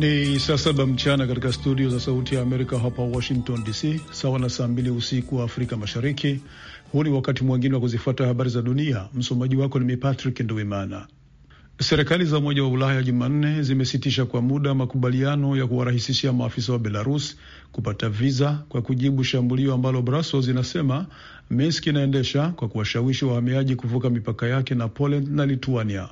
Ni saa saba mchana katika studio za Sauti ya Amerika hapa Washington DC, sawa na saa mbili usiku wa Afrika Mashariki. Huu ni wakati mwingine wa kuzifuata habari za dunia. Msomaji wako ni Patrick nduimana Serikali za Umoja wa Ulaya Jumanne zimesitisha kwa muda makubaliano ya kuwarahisishia maafisa wa Belarus kupata viza kwa kujibu shambulio ambalo Brussels inasema Minsk inaendesha kwa kuwashawishi wahamiaji kuvuka mipaka yake na Poland na Lituania.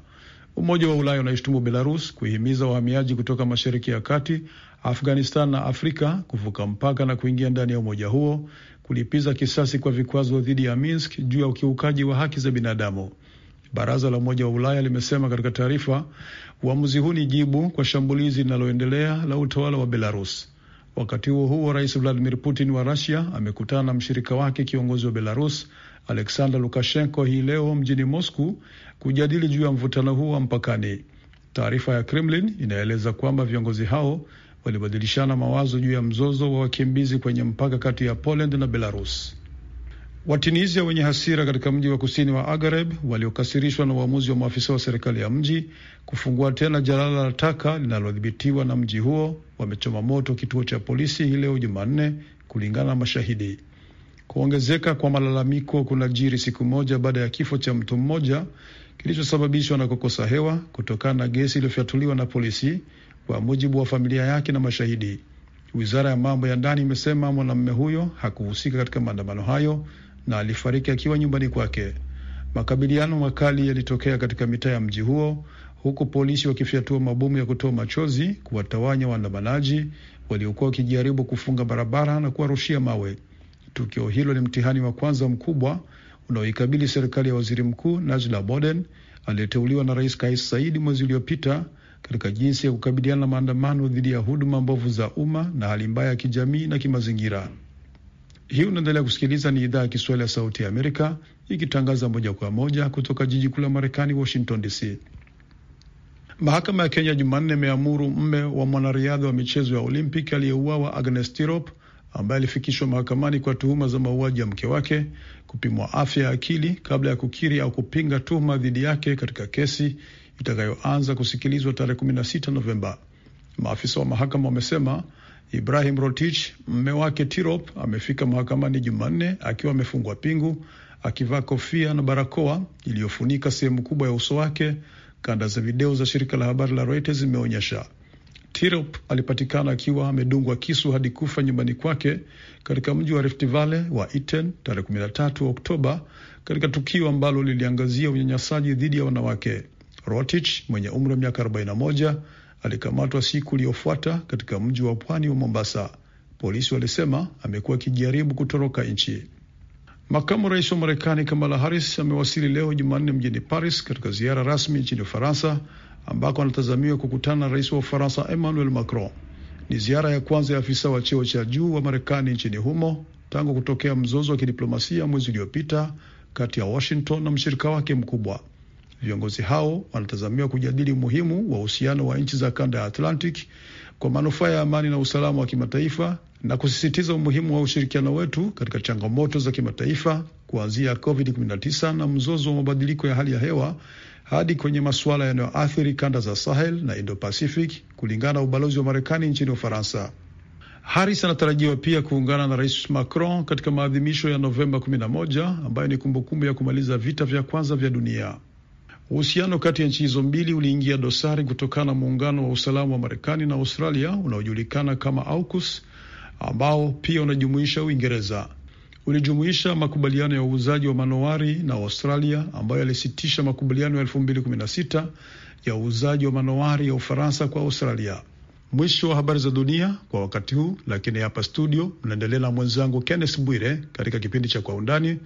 Umoja wa Ulaya unaishtumu Belarus kuhimiza wahamiaji kutoka Mashariki ya Kati, Afghanistan na Afrika kuvuka mpaka na kuingia ndani ya umoja huo kulipiza kisasi kwa vikwazo dhidi ya Minsk juu ya ukiukaji wa haki za binadamu. Baraza la Umoja wa Ulaya limesema katika taarifa, uamuzi huu ni jibu kwa shambulizi linaloendelea la utawala wa Belarus. Wakati huo huo, rais Vladimir Putin wa Rusia amekutana na mshirika wake kiongozi wa Belarus Alexander Lukashenko hii leo mjini Moscow kujadili juu ya mvutano huo wa mpakani. Taarifa ya Kremlin inaeleza kwamba viongozi hao walibadilishana mawazo juu ya mzozo wa wakimbizi kwenye mpaka kati ya Poland na Belarus. Watunisia wenye hasira katika mji wa kusini wa Agareb waliokasirishwa na uamuzi wa maafisa wa serikali ya mji kufungua tena jalala la taka linalodhibitiwa na mji huo wamechoma moto kituo cha polisi hii leo Jumanne, kulingana na mashahidi. Kuongezeka kwa malalamiko kunajiri siku moja baada ya kifo cha mtu mmoja kilichosababishwa na kukosa hewa kutokana na gesi iliyofyatuliwa na polisi, kwa mujibu wa familia yake na mashahidi. Wizara ya mambo ya ndani imesema mwanamume huyo hakuhusika katika maandamano hayo na alifariki akiwa nyumbani kwake. Makabiliano makali yalitokea katika mitaa ya mji huo huku polisi wakifyatua mabomu ya kutoa machozi kuwatawanya waandamanaji waliokuwa wakijaribu kufunga barabara na kuwarushia mawe. Tukio hilo ni mtihani wa kwanza mkubwa unaoikabili serikali ya waziri mkuu Najla Boden aliyeteuliwa na Rais Kais Saidi mwezi uliopita katika jinsi ya kukabiliana na maandamano dhidi ya huduma mbovu za umma na hali mbaya ya kijamii na kimazingira. Hii unaendelea kusikiliza, ni idhaa ya Kiswahili ya Sauti ya Amerika ikitangaza moja kwa moja kutoka jiji kuu la Marekani, Washington DC. Mahakama ya Kenya Jumanne imeamuru mme wa mwanariadha wa michezo ya Olimpiki aliyeuawa Agnes Tirop, ambaye alifikishwa mahakamani kwa tuhuma za mauaji ya mke wake, kupimwa afya ya akili kabla ya kukiri au kupinga tuhuma dhidi yake katika kesi itakayoanza kusikilizwa tarehe 16 Novemba. Maafisa wa mahakama wamesema Ibrahim Rotich, mme wake Tirop, amefika mahakamani Jumanne akiwa amefungwa pingu akivaa kofia na barakoa iliyofunika sehemu kubwa ya uso wake. Kanda za video za shirika la habari la Reuters zimeonyesha Tirop alipatikana akiwa amedungwa kisu hadi kufa nyumbani kwake katika mji wa Rift Valley wa Iten tarehe 13 Oktoba, katika tukio ambalo liliangazia unyanyasaji dhidi ya wanawake. Rotich mwenye umri wa miaka 41 alikamatwa siku iliyofuata katika mji wa pwani wa Mombasa. Polisi walisema amekuwa akijaribu kutoroka nchi. Makamu rais wa Marekani Kamala Harris amewasili leo Jumanne mjini Paris katika ziara rasmi nchini Ufaransa ambako anatazamiwa kukutana na rais wa Ufaransa Emmanuel Macron. Ni ziara ya kwanza ya afisa wa cheo cha juu wa Marekani nchini humo tangu kutokea mzozo wa kidiplomasia mwezi uliopita kati ya Washington na mshirika wake mkubwa. Viongozi hao wanatazamiwa kujadili umuhimu wa uhusiano wa nchi za kanda ya Atlantic kwa manufaa ya amani na usalama wa kimataifa na kusisitiza umuhimu wa ushirikiano wetu katika changamoto za kimataifa kuanzia COVID-19 na mzozo wa mabadiliko ya hali ya hewa hadi kwenye masuala yanayoathiri kanda za Sahel na Indo-Pacific, kulingana na ubalozi wa Marekani nchini Ufaransa. Harris anatarajiwa pia kuungana na Rais Macron katika maadhimisho ya Novemba 11 ambayo ni kumbukumbu ya kumaliza vita vya kwanza vya dunia. Uhusiano kati ya nchi hizo mbili uliingia dosari kutokana na muungano wa usalama wa Marekani na Australia unaojulikana kama AUKUS ambao pia unajumuisha Uingereza. Ulijumuisha makubaliano ya uuzaji wa manowari na Australia ambayo yalisitisha makubaliano ya 2016 ya uuzaji wa manowari ya Ufaransa kwa Australia. Mwisho wa habari za dunia kwa wakati huu, lakini hapa studio mnaendelea na mwenzangu Kenneth Bwire katika kipindi cha Kwa Undani.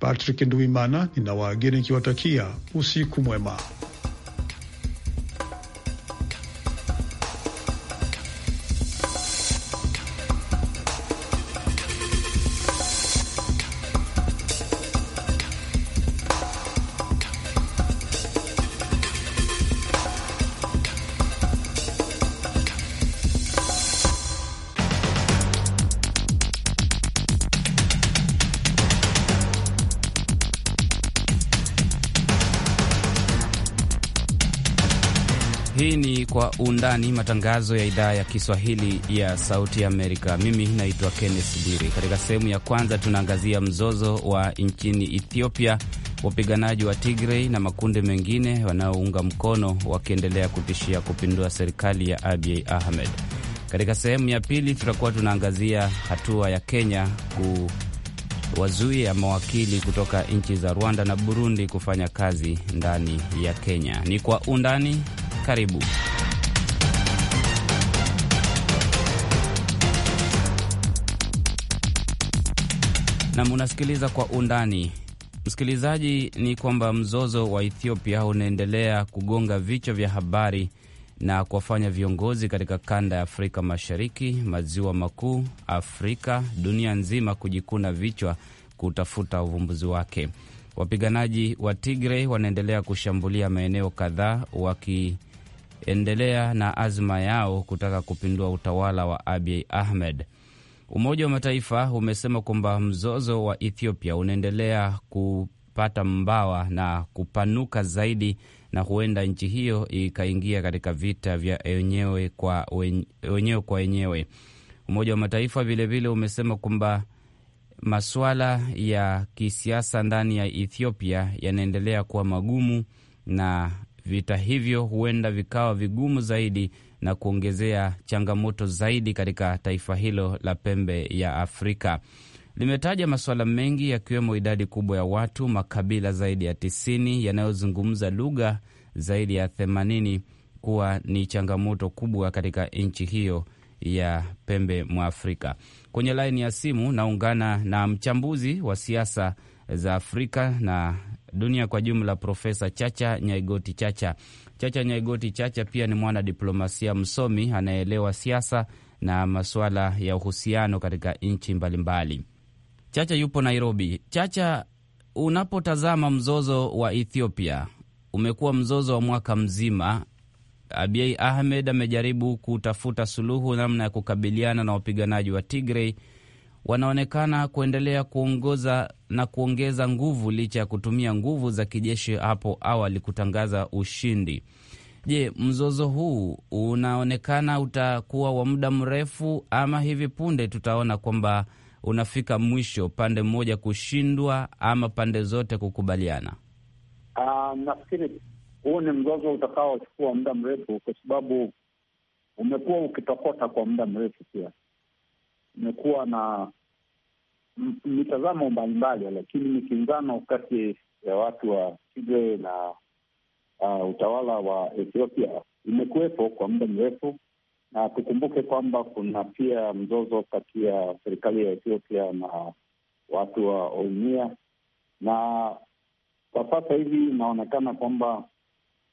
Patrick Nduimana nina waageni nikiwatakia usiku mwema. Undani, matangazo ya idhaa ya Kiswahili ya Sauti Amerika. Mimi naitwa kennes biri Katika sehemu ya kwanza tunaangazia mzozo wa nchini Ethiopia, wapiganaji wa Tigrey na makundi mengine wanaounga mkono wakiendelea kutishia kupindua serikali ya Abiy Ahmed. Katika sehemu ya pili tutakuwa tunaangazia hatua ya Kenya ku wazuia mawakili kutoka nchi za Rwanda na Burundi kufanya kazi ndani ya Kenya. Ni kwa undani. Karibu. na unasikiliza kwa undani. Msikilizaji, ni kwamba mzozo wa Ethiopia unaendelea kugonga vichwa vya habari na kuwafanya viongozi katika kanda ya Afrika Mashariki, maziwa makuu, Afrika, dunia nzima kujikuna vichwa kutafuta uvumbuzi wake. Wapiganaji wa Tigray wanaendelea kushambulia maeneo kadhaa wakiendelea na azma yao kutaka kupindua utawala wa Abiy Ahmed. Umoja wa Mataifa umesema kwamba mzozo wa Ethiopia unaendelea kupata mbawa na kupanuka zaidi, na huenda nchi hiyo ikaingia katika vita vya wenyewe kwa wenyewe kwa wenyewe. Umoja wa Mataifa vilevile umesema kwamba masuala ya kisiasa ndani ya Ethiopia yanaendelea kuwa magumu na vita hivyo huenda vikawa vigumu zaidi na kuongezea changamoto zaidi katika taifa hilo la pembe ya Afrika. Limetaja masuala mengi yakiwemo idadi kubwa ya watu, makabila zaidi ya tisini yanayozungumza lugha zaidi ya themanini kuwa ni changamoto kubwa katika nchi hiyo ya pembe mwa Afrika. Kwenye laini ya simu naungana na mchambuzi wa siasa za Afrika na dunia kwa jumla, Profesa Chacha Nyaigoti Chacha. Chacha Nyaigoti Chacha pia ni mwana diplomasia msomi anayeelewa siasa na masuala ya uhusiano katika nchi mbalimbali. Chacha yupo Nairobi. Chacha, unapotazama mzozo wa Ethiopia, umekuwa mzozo wa mwaka mzima. Abiy Ahmed amejaribu kutafuta suluhu namna ya kukabiliana na wapiganaji wa Tigray wanaonekana kuendelea kuongoza na kuongeza nguvu licha ya kutumia nguvu za kijeshi hapo awali kutangaza ushindi. Je, mzozo huu unaonekana utakuwa wa muda mrefu ama hivi punde tutaona kwamba unafika mwisho, pande mmoja kushindwa ama pande zote kukubaliana? Uh, nafikiri huu ni mzozo utakaochukua muda mrefu, kwa sababu umekuwa ukitokota kwa muda mrefu. Pia umekuwa na mitazamo mbalimbali, lakini mikinzano kati ya watu wa Tigray na uh, utawala wa Ethiopia imekuwepo kwa muda mrefu, na tukumbuke kwamba kuna pia mzozo kati ya serikali ya Ethiopia na watu wa Oromia, na kwa sasa hivi inaonekana kwamba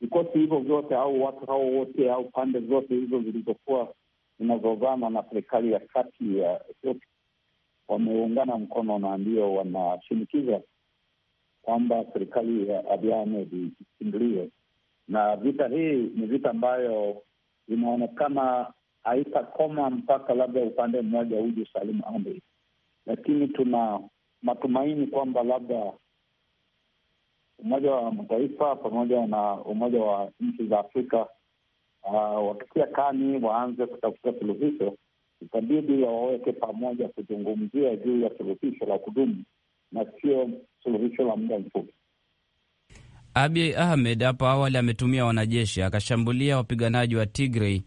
vikosi hivyo vyote au watu hao wote au pande zote hizo zilizokuwa zinazozana na serikali ya kati ya Ethiopia wameungana mkono na ndio wanashinikiza kwamba serikali ya Abiy Ahmed Na vita hii ni vita ambayo inaonekana haitakoma mpaka labda upande mmoja huju salim amri, lakini tuna matumaini kwamba labda Umoja wa Mataifa pamoja na Umoja wa nchi za Afrika uh, wakitia kani waanze kutafuta suluhisho itabidi waweke pamoja kuzungumzia juu ya suluhisho la kudumu na sio suluhisho la muda mfupi. Abi Ahmed hapo awali ametumia wanajeshi akashambulia wapiganaji wa Tigray.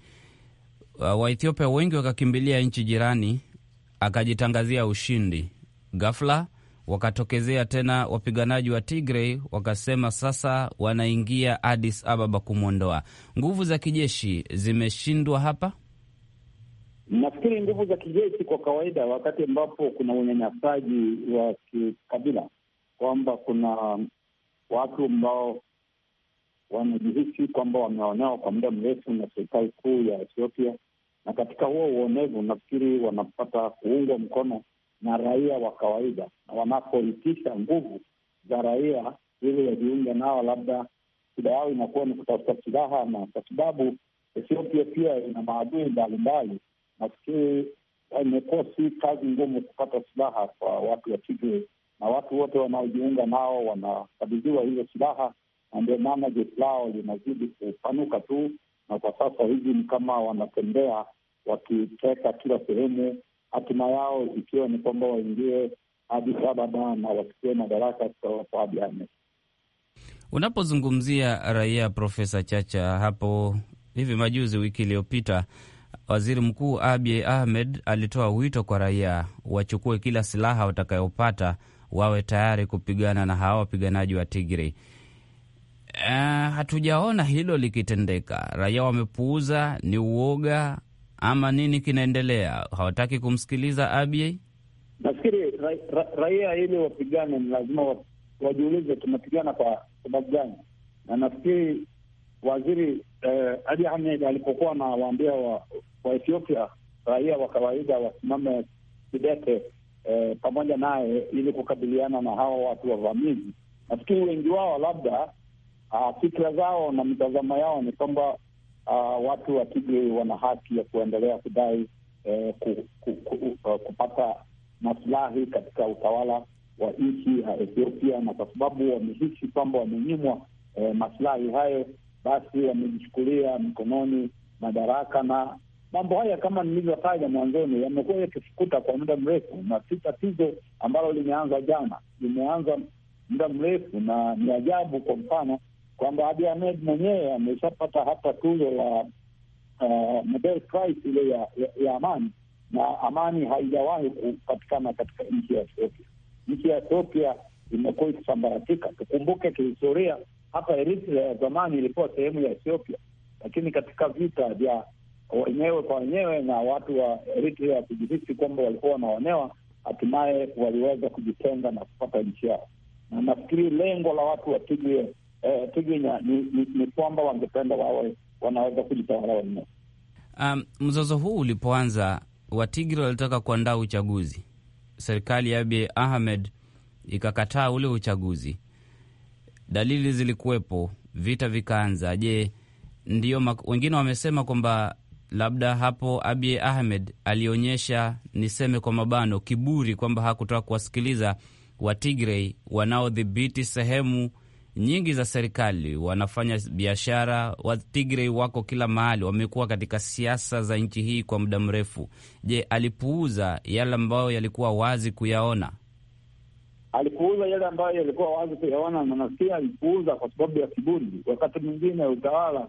Uh, Waethiopia wengi wakakimbilia nchi jirani, akajitangazia ushindi. Ghafla wakatokezea tena wapiganaji wa Tigray, wakasema sasa wanaingia Addis Ababa kumwondoa. Nguvu za kijeshi zimeshindwa hapa Nafikiri nguvu za kijeshi kwa kawaida, wakati ambapo kuna unyanyasaji wa kikabila, kwamba kuna watu ambao wanajihisi kwamba wameonewa kwa muda mrefu na serikali kuu ya Ethiopia, na katika huo uonevu, nafikiri wanapata kuungwa mkono na raia wa kawaida, na wanapoitisha nguvu za raia ili wajiunge nao, labda shida yao inakuwa ni kutafuta silaha, na kwa sababu Ethiopia pia ina maadui mbalimbali nafikiri eh, imekuwa si kazi ngumu kupata silaha kwa watu wa Tigray, na watu wote wanaojiunga nao wanakabidhiwa hizo silaha, na ndio maana jeshi lao linazidi kupanuka tu, na kwa sasa hivi ni kama wanatembea wakiteka kila sehemu, hatima yao ikiwa ni kwamba waingie hadi Ababa na wachukue madaraka kutoka kwa Abiy Ahmed. Unapozungumzia raia, Profesa Chacha, hapo hivi majuzi, wiki iliyopita Waziri Mkuu Abiy Ahmed alitoa wito kwa raia wachukue kila silaha watakayopata, wawe tayari kupigana na hawa wapiganaji wa Tigray. Uh, hatujaona hilo likitendeka. Raia wamepuuza, ni uoga ama nini kinaendelea? Hawataki kumsikiliza Abiy. Nafikiri ra ra raia ili wapigane ni lazima wajiulize tunapigana kwa sababu gani, na nafikiri waziri eh, Abiy Ahmed alipokuwa anawaambia wa, wa Ethiopia raia wa kawaida wasimame kidete eh, pamoja naye ili kukabiliana na hawa watu wavamizi. Nafikiri wengi wao labda ah, fikra fikira zao na mitazamo yao ni kwamba uh, watu wa Tigray wana haki ya kuendelea kudai eh, ku, ku, ku, uh, kupata maslahi katika utawala wa nchi ya Ethiopia, na kwa sababu wamehisi kwamba wamenyimwa eh, maslahi hayo, basi wamejichukulia mikononi madaraka na mambo haya kama nilivyotaja mwanzoni yamekuwa yakifukuta kwa muda mrefu, na si tatizo ambalo limeanza jana, limeanza muda mrefu, na ni ajabu kwa mfano kwamba Abi Ahmed mwenyewe ameshapata hata tuzo la uh, Nobel Prize ile ya, ya, ya amani, na amani haijawahi kupatikana katika nchi ya Ethiopia. Nchi ya Ethiopia imekuwa ikisambaratika. Tukumbuke kihistoria, hapa Eritrea ya zamani ilikuwa sehemu ya Ethiopia, lakini katika vita vya wenyewe kwa wenyewe na watu wa Eritrea kujihisi kwamba walikuwa wanaonewa, hatimaye waliweza kujitenga na kupata nchi yao. Na nafikiri lengo la watu wa eh, Tigray ni, ni, ni kwamba wangependa wawe wanaweza kujitawala wenyewe. Um, mzozo huu ulipoanza watigri walitaka kuandaa uchaguzi. Serikali ya Abiy Ahmed ikakataa ule uchaguzi, dalili zilikuwepo, vita vikaanza. Je, ndio wengine wamesema kwamba labda hapo Abiy Ahmed alionyesha, niseme kwa mabano, kiburi kwamba hakutaka kuwasikiliza Watigrei wanaodhibiti sehemu nyingi za serikali, wanafanya biashara. Watigrei wako kila mahali, wamekuwa katika siasa za nchi hii kwa muda mrefu. Je, alipuuza yale ambayo yalikuwa wazi kuyaona? Alipuuza yale ambayo yalikuwa wazi kuyaona, na alipuuza kwa sababu ya kiburi. Wakati mwingine utawala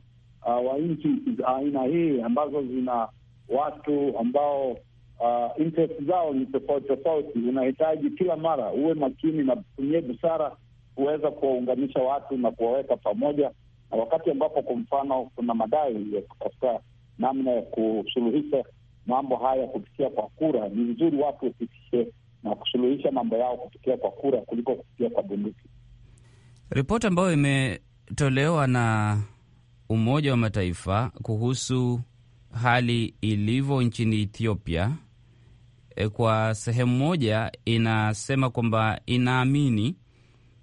uh, wa nchi za aina hii ambazo zina watu ambao uh, interest zao ni tofauti tofauti. Unahitaji kila mara uwe makini na tumie busara kuweza kuwaunganisha watu na kuwaweka pamoja, na wakati ambapo kwa mfano kuna madai ya kutafuta namna ya kusuluhisha mambo haya kupitia kwa kura, ni vizuri watu wapitishe na kusuluhisha mambo yao kupitia kwa kura kuliko kupitia kwa bunduki. Ripoti ambayo imetolewa na Umoja wa Mataifa kuhusu hali ilivyo nchini Ethiopia e, kwa sehemu moja inasema kwamba inaamini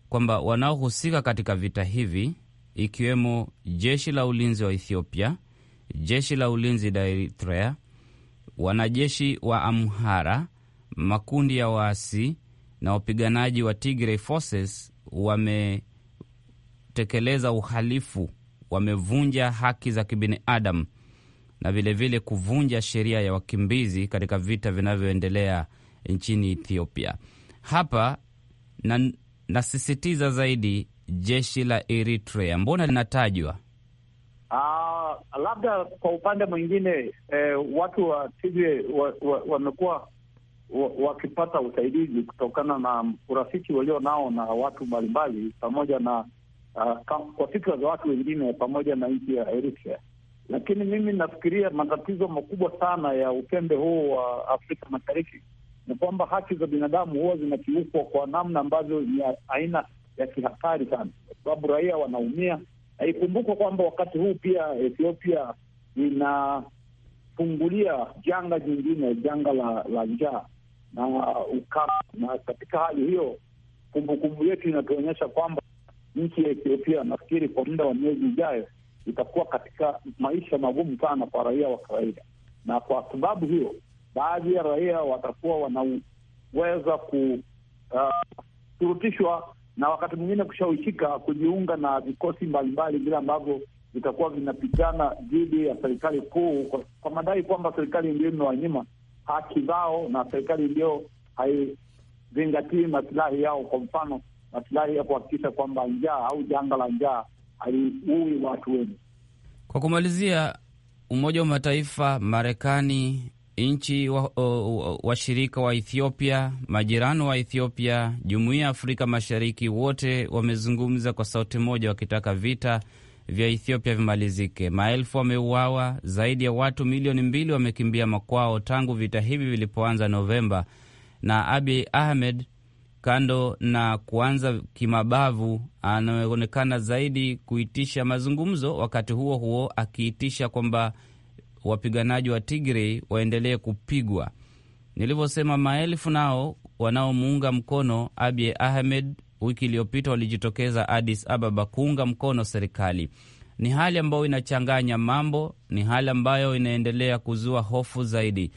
kwamba wanaohusika katika vita hivi ikiwemo jeshi la ulinzi wa Ethiopia, jeshi la ulinzi la Eritrea, wanajeshi wa Amhara, makundi ya waasi na wapiganaji wa Tigray Forces wametekeleza uhalifu wamevunja haki za kibinadamu na vilevile kuvunja sheria ya wakimbizi katika vita vinavyoendelea nchini Ethiopia. Hapa na, nasisitiza zaidi jeshi la Eritrea, mbona linatajwa? Uh, labda kwa upande mwingine eh, watu wa Tigray wamekuwa wa, wa wa, wakipata usaidizi kutokana na urafiki walio nao na watu mbalimbali pamoja na Ah, kwa fikra za watu wengine pamoja na nchi ya Eritrea. Lakini mimi nafikiria matatizo makubwa sana ya upembe huu wa Afrika Mashariki ni kwamba haki za binadamu huwa zinakiukwa kwa namna ambavyo ni aina ya kihatari sana, kwa sababu raia wanaumia. Haikumbukwa kwamba wakati huu pia Ethiopia inafungulia janga jingine, janga la, la njaa na ukame, na katika hali hiyo kumbukumbu yetu inatuonyesha kwamba nchi ya Ethiopia, nafikiri kwa muda wa miezi ijayo itakuwa katika maisha magumu sana kwa raia wa kawaida, na kwa sababu hiyo baadhi ya raia watakuwa wanaweza kushurutishwa ah, uh, na wakati mwingine kushawishika kujiunga na vikosi mbalimbali vile ambavyo vitakuwa vinapigana dhidi ya serikali kuu kwa, kwa madai kwamba serikali ndio imewanyima haki zao na serikali ndio haizingatii masilahi yao. Kwa mfano masilahi ya kuhakikisha kwamba njaa au janga la njaa haliui watu wengi. Kwa kumalizia, Umoja wa Mataifa, Marekani, nchi washirika wa, wa, wa Ethiopia, majirani wa Ethiopia, Jumuiya ya Afrika Mashariki, wote wamezungumza kwa sauti moja wakitaka vita vya Ethiopia vimalizike. Maelfu wameuawa, zaidi ya watu milioni mbili wamekimbia makwao tangu vita hivi vilipoanza Novemba, na Abi Ahmed kando na kuanza kimabavu, anaonekana zaidi kuitisha mazungumzo, wakati huo huo akiitisha kwamba wapiganaji wa Tigray waendelee kupigwa. Nilivyosema, maelfu nao wanaomuunga mkono Abiy Ahmed wiki iliyopita walijitokeza Addis Ababa kuunga mkono serikali. Ni hali ambayo inachanganya mambo, ni hali ambayo inaendelea kuzua hofu zaidi.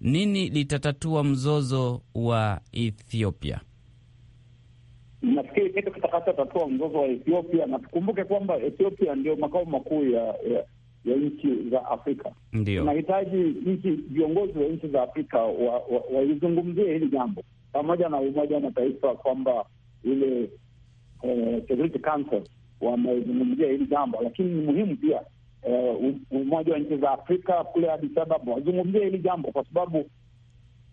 Nini litatatua mzozo wa Ethiopia? kile kitu kitakachotatua mzozo wa Ethiopia, na tukumbuke kwamba Ethiopia ndio makao makuu ya, ya, ya nchi za Afrika. Ndio Nahitaji nchi, viongozi wa nchi za Afrika walizungumzie wa, wa hili jambo pamoja na Umoja wa Mataifa kwamba ile eh, Council wamezungumzia hili jambo, lakini ni muhimu pia eh, Umoja wa nchi za Afrika kule Addis Ababa wazungumzie hili jambo, kwa sababu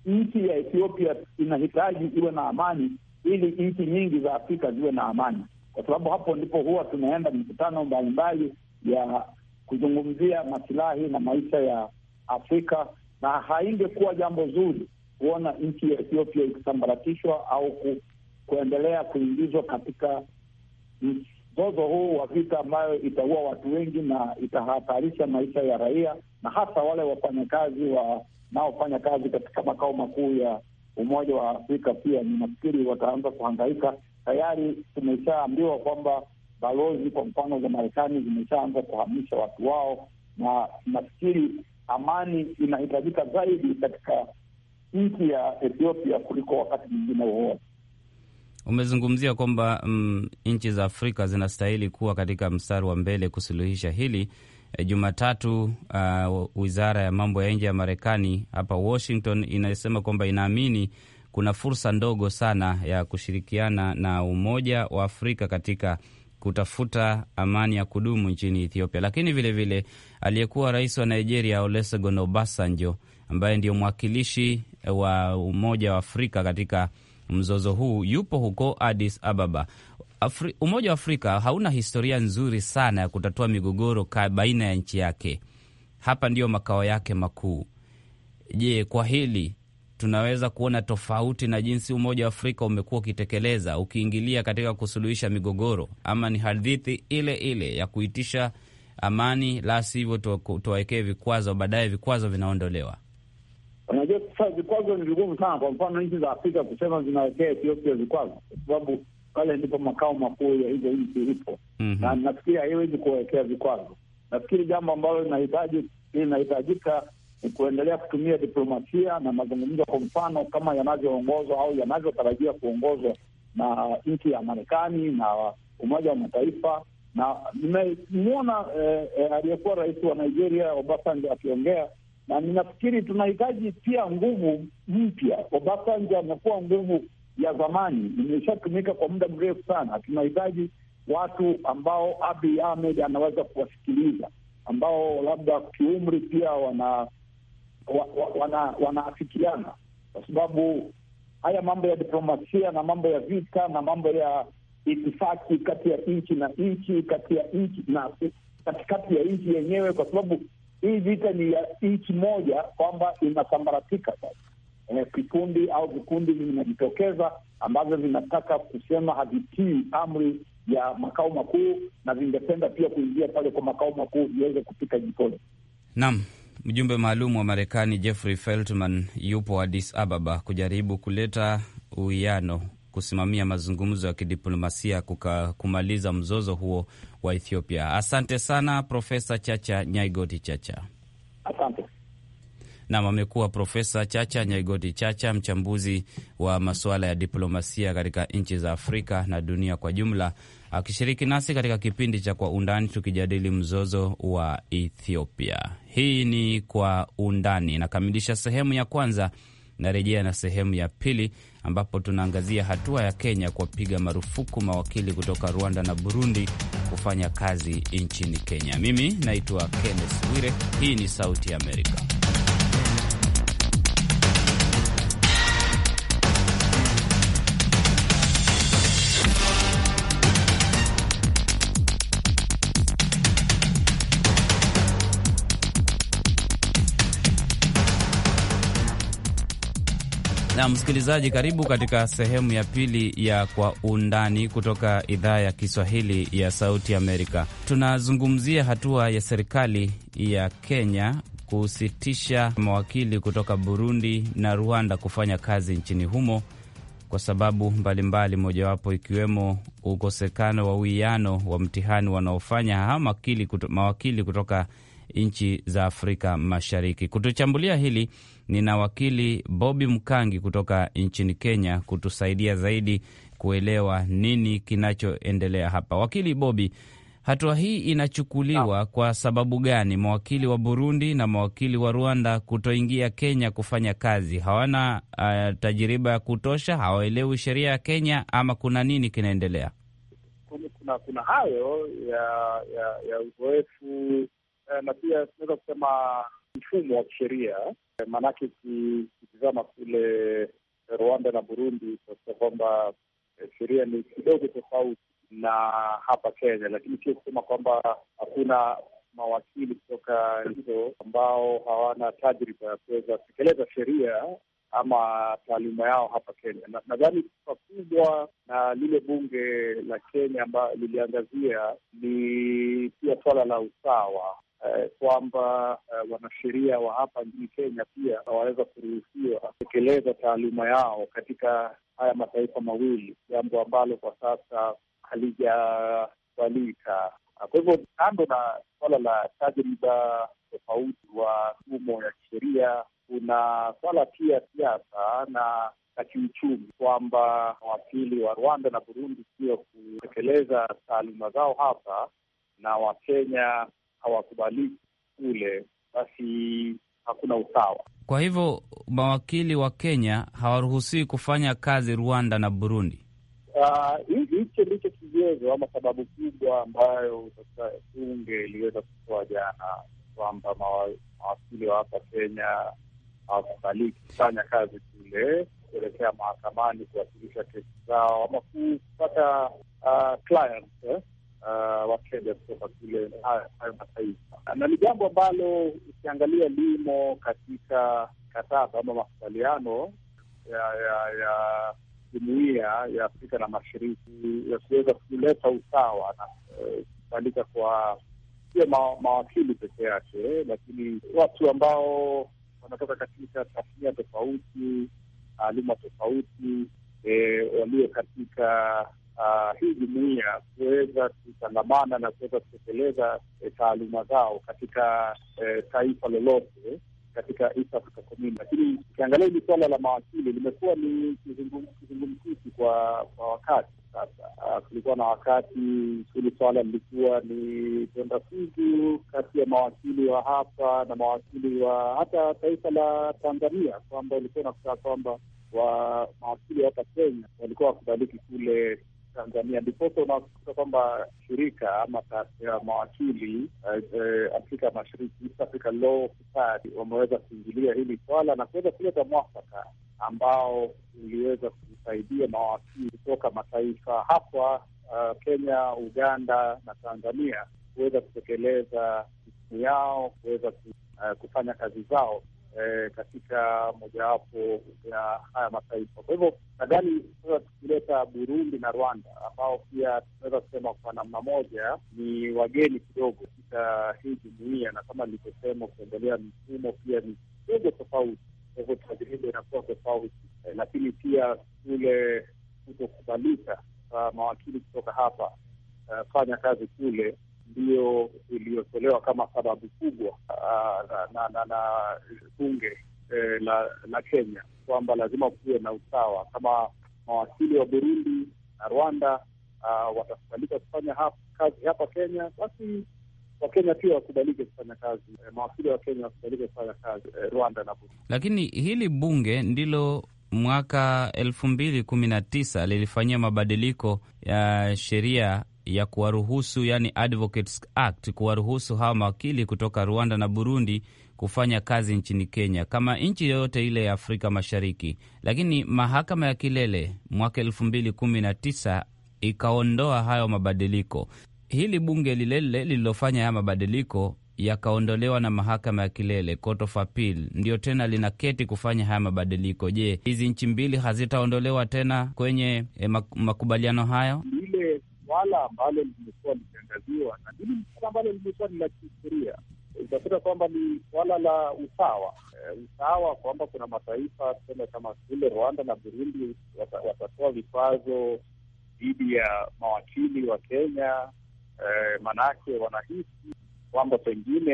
nchi ya Ethiopia inahitaji iwe na amani ili nchi nyingi za Afrika ziwe na amani, kwa sababu hapo ndipo huwa tunaenda mikutano mbalimbali ya kuzungumzia masilahi na maisha ya Afrika, na haingekuwa jambo zuri kuona nchi ya Ethiopia ikisambaratishwa au ku, kuendelea kuingizwa katika mzozo huu wa vita ambayo itaua watu wengi na itahatarisha maisha ya raia na hasa wale wafanyakazi wanaofanya kazi katika makao makuu ya Umoja wa Afrika pia ninafikiri wataanza kuhangaika. Tayari tumeshaambiwa kwamba balozi kwa mfano za Marekani zimeshaanza kuhamisha watu wao, na nafikiri amani inahitajika zaidi katika nchi ya Ethiopia kuliko wakati mwingine wowote. Umezungumzia kwamba mm, nchi za Afrika zinastahili kuwa katika mstari wa mbele kusuluhisha hili Eh, Jumatatu uh, wizara ya mambo ya nje ya Marekani hapa Washington inasema kwamba inaamini kuna fursa ndogo sana ya kushirikiana na Umoja wa Afrika katika kutafuta amani ya kudumu nchini Ethiopia. Lakini vilevile aliyekuwa rais wa Nigeria Olusegun Obasanjo, ambaye ndio mwakilishi eh, wa Umoja wa Afrika katika mzozo huu, yupo huko Addis Ababa. Afri, Umoja wa Afrika hauna historia nzuri sana ya kutatua migogoro baina ya nchi yake. Hapa ndiyo makao yake makuu. Je, kwa hili tunaweza kuona tofauti na jinsi Umoja wa Afrika umekuwa ukitekeleza ukiingilia katika kusuluhisha migogoro, ama ni hadithi ile ile ya kuitisha amani, la sivyo tuwawekee vikwazo, baadaye vikwazo vinaondolewa? Unajua, vikwazo ni vigumu sana, kwa mfano nchi za Afrika kusema zinawekea Ethiopia vikwazo kwa sababu pale ndipo makao makuu ya hizo nchi ipo. mm -hmm. Na nafikiri haiwezi kuwawekea vikwazo. Nafikiri jambo ambalo inahitajika linahitajika ni kuendelea kutumia diplomasia na mazungumzo, kwa mfano kama yanavyoongozwa au yanavyotarajia kuongozwa na nchi ya Marekani na Umoja wa Mataifa. Na nimemwona eh, eh, aliyekuwa rais wa Nigeria Obasanjo akiongea na ninafikiri tunahitaji pia nguvu mpya. Obasanjo amekuwa nguvu ya zamani imeshatumika kwa muda mrefu sana. Tunahitaji watu ambao Abi Ahmed anaweza kuwasikiliza, ambao labda kiumri pia wana wanaafikiana wana, wana kwa sababu haya mambo ya diplomasia na mambo ya vita na mambo ya itifaki kati ya nchi na nchi, kati ya nchi na katikati ya nchi yenyewe, kwa sababu hii vita ni ya nchi moja, kwamba inasambaratika sasa eh, kikundi au vikundi vinajitokeza ambavyo vinataka kusema havitii amri ya makao makuu na vingependa pia kuingia pale kwa makao makuu viweze kupika jikoni. Naam, mjumbe maalum wa Marekani Jeffrey Feltman yupo Addis Ababa kujaribu kuleta uwiano kusimamia mazungumzo ya kidiplomasia kuka, kumaliza mzozo huo wa Ethiopia. Asante sana Profesa Chacha Nyaigoti Chacha. Nam amekuwa Profesa Chacha Nyaigoti Chacha, mchambuzi wa masuala ya diplomasia katika nchi za Afrika na dunia kwa jumla, akishiriki nasi katika kipindi cha Kwa Undani tukijadili mzozo wa Ethiopia. Hii ni Kwa Undani, inakamilisha sehemu ya kwanza. Narejea na sehemu ya pili ambapo tunaangazia hatua ya Kenya kuwapiga marufuku mawakili kutoka Rwanda na Burundi kufanya kazi nchini Kenya. Mimi naitwa Kenneth Bwire, hii ni Sauti ya Amerika. Na msikilizaji, karibu katika sehemu ya pili ya Kwa Undani kutoka idhaa ya Kiswahili ya Sauti Amerika. Tunazungumzia hatua ya serikali ya Kenya kusitisha mawakili kutoka Burundi na Rwanda kufanya kazi nchini humo kwa sababu mbalimbali, mojawapo ikiwemo ukosekano wa uwiano wa mtihani wanaofanya hawa mawakili kutoka nchi za Afrika Mashariki. Kutuchambulia hili nina wakili Bobi Mkangi kutoka nchini Kenya kutusaidia zaidi kuelewa nini kinachoendelea hapa. Wakili Bobi, hatua hii inachukuliwa na kwa sababu gani? Mawakili wa Burundi na mawakili wa Rwanda kutoingia Kenya kufanya kazi, hawana uh, tajiriba ya kutosha, hawaelewi sheria ya Kenya ama kuna nini kinaendelea? Kuna, kuna hayo ya, ya, ya uzoefu Eh, na pia tunaweza kusema mfumo wa kisheria, eh, maanake ukitizama kule eh, Rwanda na Burundi kuakisha kwamba sheria ni kidogo tofauti na hapa Kenya, lakini sio kusema kwamba hakuna mawakili kutoka hizo ambao hawana tajriba ya kuweza kutekeleza sheria ama taaluma yao hapa Kenya. Nadhani na kubwa na lile bunge la Kenya ambayo liliangazia ni pia suala la usawa eh, kwamba eh, wanasheria wa hapa nchini Kenya pia waweza kuruhusiwa kutekeleza taaluma yao katika haya mataifa mawili, jambo ambalo kwa sasa halijabalika. Ah, kwa hivyo kando na suala la tajriba tofauti wa mfumo ya kisheria, kuna swala pia siasa na na kiuchumi kwamba mawakili wa Rwanda na Burundi sio kutekeleza taaluma zao hapa na Wakenya hawakubaliki kule, basi hakuna usawa. Kwa hivyo mawakili wa Kenya hawaruhusiwi kufanya kazi Rwanda na Burundi. Ah, hicho uh, ndicho kigezo ama sababu kubwa ambayo sasa bunge iliweza kutoa jana kwamba mawakili wa hapa Kenya hawakubaliki kufanya kazi kule, kuelekea mahakamani kuwasilisha kesi zao ama kupata uh, ah, client, eh? uh, Kenya kutoka kule uh, hayo mataifa, na ni jambo ambalo ukiangalia limo katika kataba ama makubaliano ya ya ya ya Afrika na Mashariki ya kuweza kuleta usawa na eh, kubalika uh, kwa sio ma, mawakili peke yake, lakini watu ambao wanatoka katika tasnia tofauti, taaluma tofauti, e, walio katika uh, hii jumuia kuweza kutangamana na kuweza kutekeleza eh, taaluma zao katika eh, taifa lolote katika East Africa Community. Lakini ukiangalia hili suala la mawakili limekuwa ni kizungumkuti kwa kwa wakati sasa. Ah, kulikuwa na wakati hili swala lilikuwa ni donda sugu kati ya mawakili wa hapa na mawakili wa hata taifa la Tanzania, kwamba ilikuwa inakutaa kwamba wa mawakili wa hapa Kenya walikuwa wakubaliki kule Tanzania, ndiposa unakuta kwamba shirika ama taasisi ya mawakili eh, eh, Afrika Mashariki, East African Law Society, wameweza kuingilia hili swala na kuweza kuleta mwafaka ambao uliweza kusaidia mawakili kutoka mataifa hapa uh, Kenya, Uganda na Tanzania kuweza kutekeleza jukumu yao kuweza kufanya kazi zao eh, katika mojawapo ya haya mataifa. Kwa hivyo nadhani sasa tukileta Burundi na Rwanda ambao pia tunaweza kusema kwa namna moja ni wageni kidogo katika hii jumuia, na kama nilivyosema, kuendelea mifumo pia ni kidogo tofauti, kwa hivyo tajiriba inakuwa tofauti, eh, lakini pia kule kutokubalika mawakili kutoka hapa eh, fanya kazi kule ndio iliyotolewa kama sababu kubwa ah, na, na, na, na bunge eh, la, la Kenya kwamba lazima kuwe na usawa. Kama mawakili wa Burundi na Rwanda uh, watakubalika kufanya hap, kazi hapa Kenya, basi Wakenya pia wakubalike kufanya kazi e, mawakili wa Kenya wakubalike kufanya kazi e, Rwanda na Burundi. Lakini hili bunge ndilo mwaka elfu mbili kumi na tisa lilifanyia mabadiliko ya sheria ya kuwaruhusu yani Advocates Act kuwaruhusu hawa mawakili kutoka Rwanda na Burundi kufanya kazi nchini Kenya kama nchi yoyote ile ya Afrika Mashariki, lakini mahakama ya kilele mwaka elfu mbili kumi na tisa ikaondoa hayo mabadiliko. Hili bunge lile lililofanya haya mabadiliko yakaondolewa na mahakama ya kilele Court of Appeal, ndio tena linaketi kufanya haya mabadiliko. Je, hizi nchi mbili hazitaondolewa tena kwenye eh, makubaliano hayo? swala ambalo limekuwa likiangaziwa na hili ni swala ambalo limekuwa ni la kihistoria. Utakuta kwamba ni swala la usawa, eh, usawa kwamba kuna mataifa tuseme kama vile Rwanda na Burundi watatoa vikwazo dhidi ya mawakili wa Kenya, eh, maanake wanahisi kwamba pengine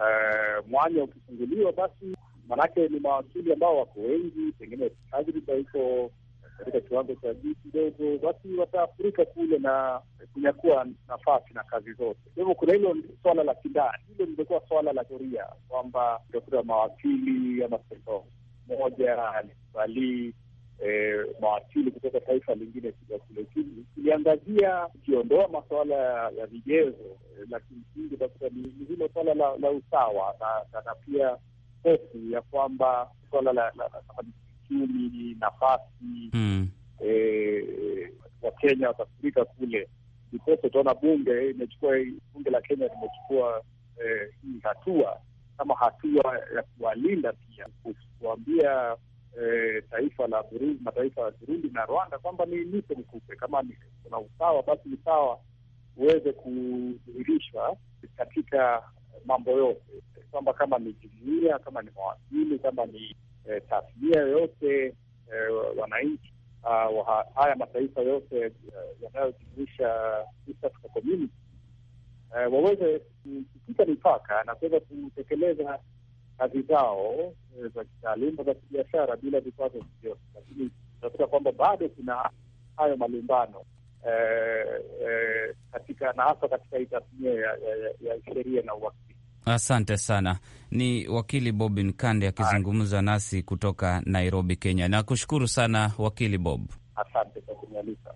eh, mwanya ukifunguliwa basi, maanake ni mawakili ambao wako wengi, pengine tajriba iko katika kiwango cha juu kidogo, basi wataafurika kule na kunyakua nafasi na kazi zote. Kwa hivyo kuna hilo swala la kindani, hilo lilikuwa swala la doria kwamba utakuta mawakili ama moja e, mawakili kutoka taifa lingine kuja kule chini, iliangazia ikiondoa masuala ya vigezo, eh, lakini kingi utakuta ni hilo swala la usawa na pia hofu ya kwamba swala la kiuchumi, nafasi mm. E, Kenya watafurika kule, ndiposa utaona bunge eh, imechukua bunge la Kenya limechukua e, hii e, hatua kama hatua ya kuwalinda pia, kuambia e, taifa la Burundi, mataifa ya Burundi na Rwanda kwamba ni nipe mkupe kama kuna usawa basi sawa uweze kudhihirishwa katika mambo yote, kwamba kama ni jumuia, kama ni mawakili, kama ni eh, tasnia yoyote eh, wananchi uh, wa haya mataifa yote eh, yanayojumuisha East Africa Community eh, waweze kupita mipaka na kuweza kutekeleza kazi zao eh, za kitaaluma za kibiashara bila vikwazo vyovyote, lakini tunakuta kwamba bado kuna hayo malumbano eh, eh, katika na hasa katika hii tasnia ya, ya, ya, ya sheria na uwakili Asante sana. Ni wakili Bob Nkande akizungumza nasi kutoka Nairobi, Kenya. Nakushukuru sana wakili Bob. Asante kwa kunialika.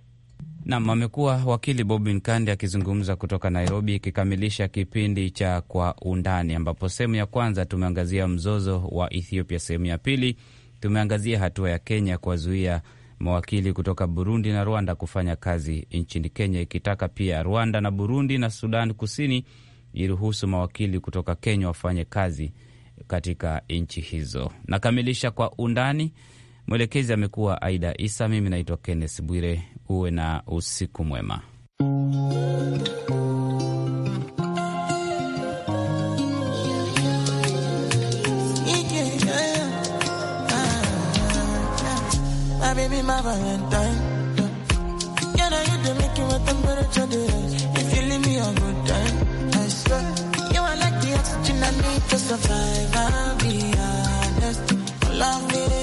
Nam amekuwa wakili Bob Nkande akizungumza kutoka Nairobi, ikikamilisha kipindi cha Kwa Undani, ambapo sehemu ya kwanza tumeangazia mzozo wa Ethiopia, sehemu ya pili tumeangazia hatua ya Kenya kuwazuia mawakili kutoka Burundi na Rwanda kufanya kazi nchini Kenya, ikitaka pia Rwanda na Burundi na Sudan Kusini iruhusu mawakili kutoka Kenya wafanye kazi katika nchi hizo. Nakamilisha kwa undani. Mwelekezi amekuwa Aida Isa, mimi naitwa Kenneth Bwire. Uwe na usiku mwema. to survive, I'll be honest. Love me.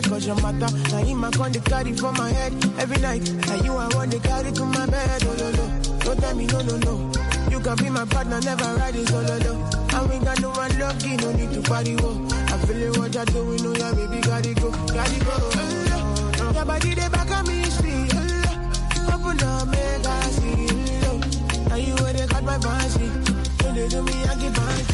head, cause your matter. Now in my con, they carry for my head every night. Now you are want, they carry to my bed, oh, no, no. Don't tell me no, no, no. You can be my partner, never ride it solo, no. And we got no one lucky, no need to party, oh. I feel it, what you're doing, know your baby, gotta go, gotta go. Oh, no. Your body, they back at me, speed, oh, Open up, make I see, oh, Now you where they got my fancy. When they do me, I get fancy.